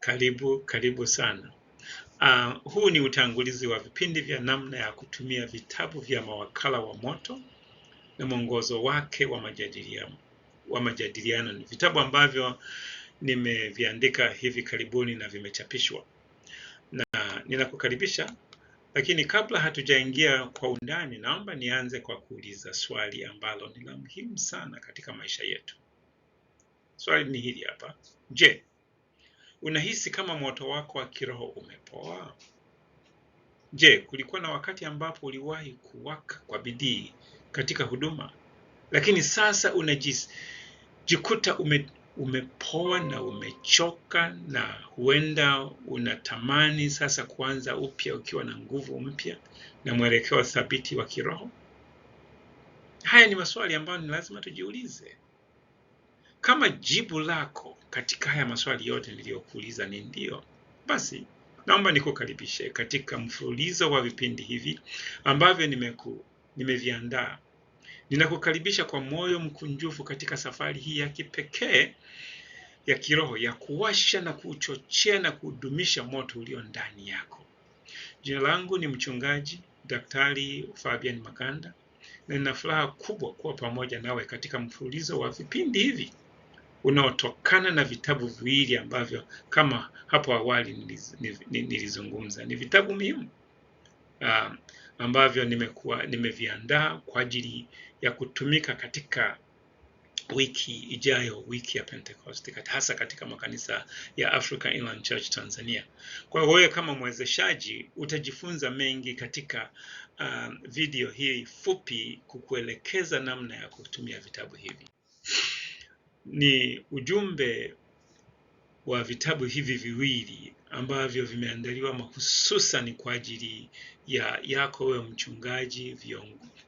Karibu, karibu sana. Uh, huu ni utangulizi wa vipindi vya namna ya kutumia vitabu vya mawakala wa moto na mwongozo wake wa majadiliano wa majadiliano. Ni vitabu ambavyo nimeviandika hivi karibuni na vimechapishwa, na ninakukaribisha. Lakini kabla hatujaingia kwa undani, naomba nianze kwa kuuliza swali ambalo ni la muhimu sana katika maisha yetu. Swali ni hili hapa: je, Unahisi kama moto wako wa kiroho umepoa? Je, kulikuwa na wakati ambapo uliwahi kuwaka kwa bidii katika huduma, lakini sasa unajikuta ume, umepoa na umechoka, na huenda unatamani sasa kuanza upya ukiwa na nguvu mpya na mwelekeo thabiti wa kiroho? Haya ni maswali ambayo ni lazima tujiulize. Kama jibu lako katika haya maswali yote niliyokuuliza ni ndio, basi naomba nikukaribishe katika mfululizo wa vipindi hivi ambavyo nimeku nimeviandaa. Ninakukaribisha kwa moyo mkunjufu katika safari hii ya kipekee ya kiroho ya kuwasha na kuchochea na kudumisha moto ulio ndani yako. Jina langu ni mchungaji Daktari Fabian Maganda na nina furaha kubwa kuwa pamoja nawe katika mfululizo wa vipindi hivi unaotokana na vitabu viwili ambavyo kama hapo awali nilizungumza ni vitabu muhimu uh, ambavyo nimekuwa nimeviandaa kwa ajili ya kutumika katika wiki ijayo, wiki ya Pentecost, hasa katika makanisa ya Africa Inland Church Tanzania. Kwa hiyo wewe kama mwezeshaji utajifunza mengi katika uh, video hii fupi kukuelekeza namna ya kutumia vitabu hivi ni ujumbe wa vitabu hivi viwili ambavyo vimeandaliwa mahususan kwa ajili ya yako wewe mchungaji,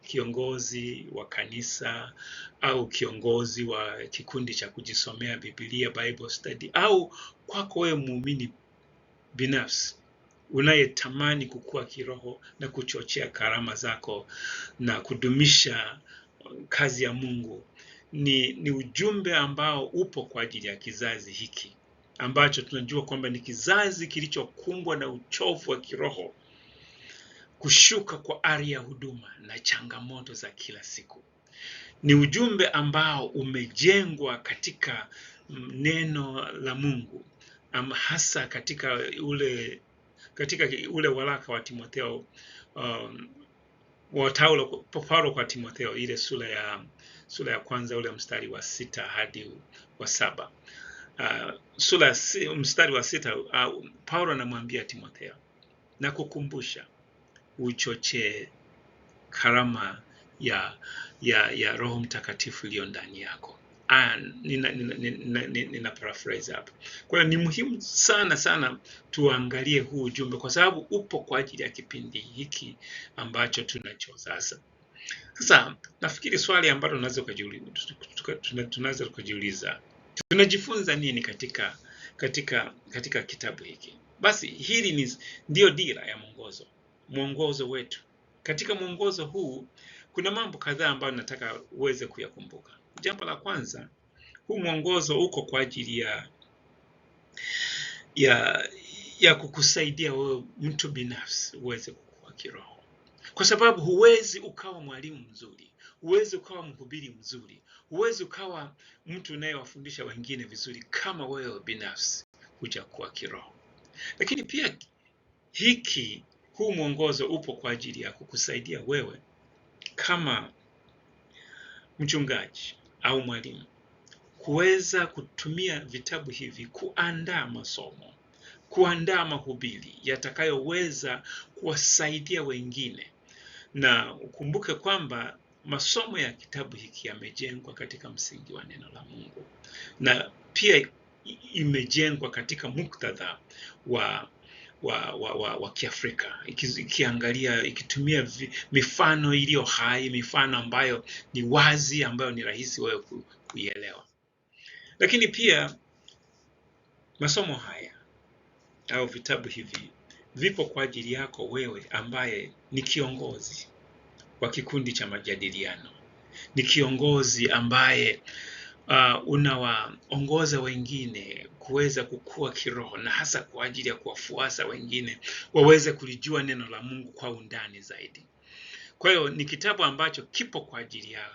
kiongozi wa kanisa au kiongozi wa kikundi cha kujisomea Biblia Bible study, au kwako wewe muumini binafsi unayetamani kukua kiroho na kuchochea karama zako na kudumisha kazi ya Mungu ni, ni ujumbe ambao upo kwa ajili ya kizazi hiki ambacho tunajua kwamba ni kizazi kilichokumbwa na uchovu wa kiroho, kushuka kwa ari ya huduma na changamoto za kila siku. Ni ujumbe ambao umejengwa katika mm, neno la Mungu am hasa katika ule katika ule waraka wa Timotheo um, wa Paulo kwa Timotheo ile sura ya sura ya kwanza ule mstari wa sita hadi wa saba. Uh, sura mstari wa sita uh, Paulo anamwambia Timotheo na kukumbusha uchochee karama ya, ya, ya Roho Mtakatifu iliyo ndani yako. Ah, nina, nina, nina, nina paraphrase hapo. Kwa hiyo ni muhimu sana sana tuangalie huu ujumbe, kwa sababu upo kwa ajili ya kipindi hiki ambacho tunacho sasa. Sasa nafikiri swali ambalo tunaweza tunaweza tukajiuliza, tunajifunza nini katika katika katika kitabu hiki? Basi hili ni ndiyo dira ya mwongozo mwongozo wetu. Katika mwongozo huu kuna mambo kadhaa ambayo nataka uweze kuyakumbuka. Jambo la kwanza, huu mwongozo uko kwa ajili ya ya ya kukusaidia wewe mtu binafsi uweze kukua kiroho kwa sababu huwezi ukawa mwalimu mzuri, huwezi ukawa mhubiri mzuri, huwezi ukawa mtu unayewafundisha wengine vizuri kama wewe binafsi hujakuwa kiroho. Lakini pia hiki huu mwongozo upo kwa ajili ya kukusaidia wewe kama mchungaji au mwalimu kuweza kutumia vitabu hivi kuandaa masomo, kuandaa mahubiri yatakayoweza kuwasaidia wengine na ukumbuke kwamba masomo ya kitabu hiki yamejengwa katika msingi wa neno la Mungu na pia imejengwa katika muktadha wa wa, wa, wa, wa Kiafrika ikiangalia ikitumia vi, mifano iliyo hai, mifano ambayo ni wazi, ambayo ni rahisi wewe kuielewa. Lakini pia masomo haya au vitabu hivi vipo kwa ajili yako wewe ambaye ni kiongozi wa kikundi cha majadiliano, ni kiongozi ambaye uh, unawaongoza wengine kuweza kukua kiroho na hasa kwa ajili ya kuwafuasa wengine waweze kulijua neno la Mungu kwa undani zaidi. Kwa hiyo ni kitabu ambacho kipo kwa ajili yako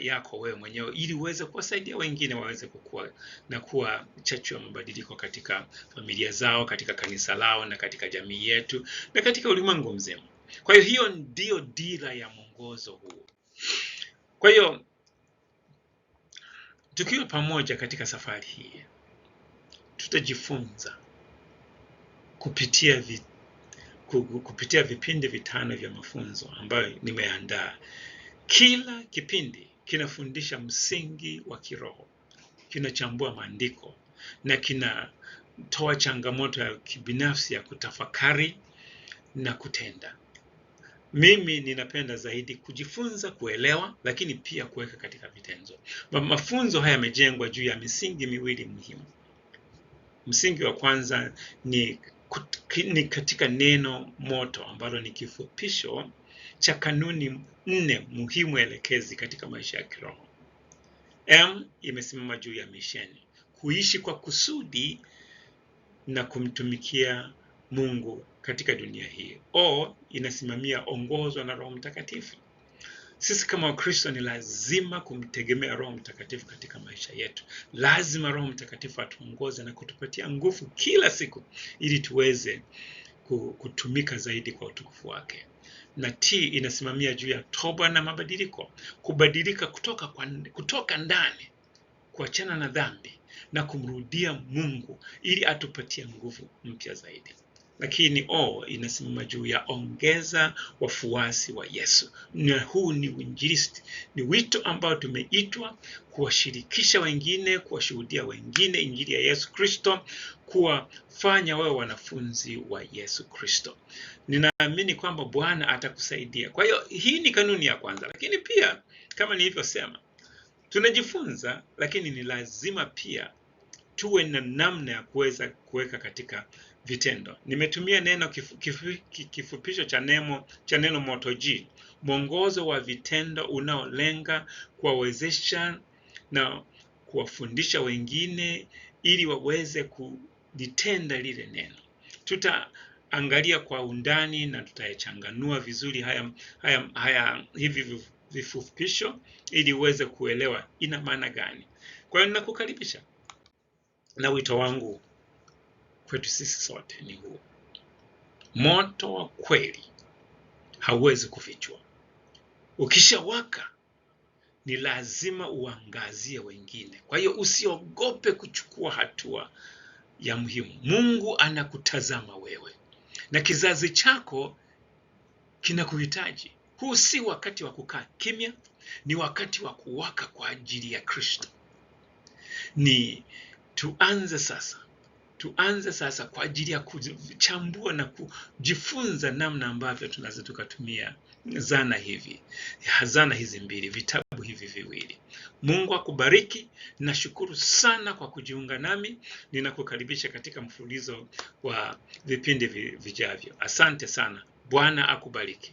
yako wewe mwenyewe ili uweze kuwasaidia wengine waweze kukua na kuwa chachu ya mabadiliko katika familia zao, katika kanisa lao na katika jamii yetu na katika ulimwengu mzima. Kwa hiyo hiyo ndiyo dira ya mwongozo huu. Kwa hiyo tukiwa pamoja katika safari hii tutajifunza kupitia vi, kupitia vipindi vitano vya mafunzo ambayo nimeandaa kila kipindi kinafundisha msingi wa kiroho, kinachambua maandiko na kinatoa changamoto ya kibinafsi ya kutafakari na kutenda. Mimi ninapenda zaidi kujifunza kuelewa, lakini pia kuweka katika vitenzo. Mafunzo haya yamejengwa juu ya misingi miwili muhimu. Msingi wa kwanza ni, ni katika neno moto ambalo ni kifupisho cha kanuni nne muhimu elekezi katika maisha ya kiroho. M imesimama juu ya misheni, kuishi kwa kusudi na kumtumikia Mungu katika dunia hii. O inasimamia ongozwa na Roho Mtakatifu. Sisi kama Wakristo ni lazima kumtegemea Roho Mtakatifu katika maisha yetu. Lazima Roho Mtakatifu atuongoze na kutupatia nguvu kila siku, ili tuweze kutumika zaidi kwa utukufu wake na T inasimamia juu ya toba na mabadiliko, kubadilika kutoka, kwa, kutoka ndani, kuachana na dhambi na kumrudia Mungu ili atupatie nguvu mpya zaidi. Lakini O inasimama juu ya ongeza wafuasi wa Yesu, na huu ni uinjilisti, ni wito ambao tumeitwa kuwashirikisha wengine, kuwashuhudia wengine injili ya Yesu Kristo, kuwafanya wewe wanafunzi wa Yesu Kristo. Ninaamini kwamba Bwana atakusaidia. Kwa hiyo hii ni kanuni ya kwanza, lakini pia kama nilivyosema, tunajifunza, lakini ni lazima pia tuwe na namna ya kuweza kuweka katika vitendo. Nimetumia neno kifu, kifu, kifupisho cha neno cha neno MotoG, mwongozo wa vitendo unaolenga kuwawezesha na kuwafundisha wengine ili waweze ku, litenda lile neno. Tutaangalia kwa undani na tutayachanganua vizuri haya, haya, haya hivi vifupisho ili uweze kuelewa ina maana gani. Kwa hiyo ninakukaribisha na wito wangu kwetu sisi sote ni huu. Moto wa kweli hauwezi kufichwa. Ukishawaka ni lazima uangazie wengine. Kwa hiyo usiogope kuchukua hatua ya muhimu. Mungu anakutazama wewe na kizazi chako kinakuhitaji. Huu si wakati wa kukaa kimya, ni wakati wa kuwaka kwa ajili ya Kristo. Ni tuanze sasa tuanze sasa kwa ajili ya kuchambua na kujifunza namna ambavyo tunaweza tukatumia zana hivi zana hizi mbili vitabu hivi viwili. Mungu akubariki. Nashukuru sana kwa kujiunga nami, ninakukaribisha katika mfululizo wa vipindi vijavyo. Asante sana. Bwana akubariki.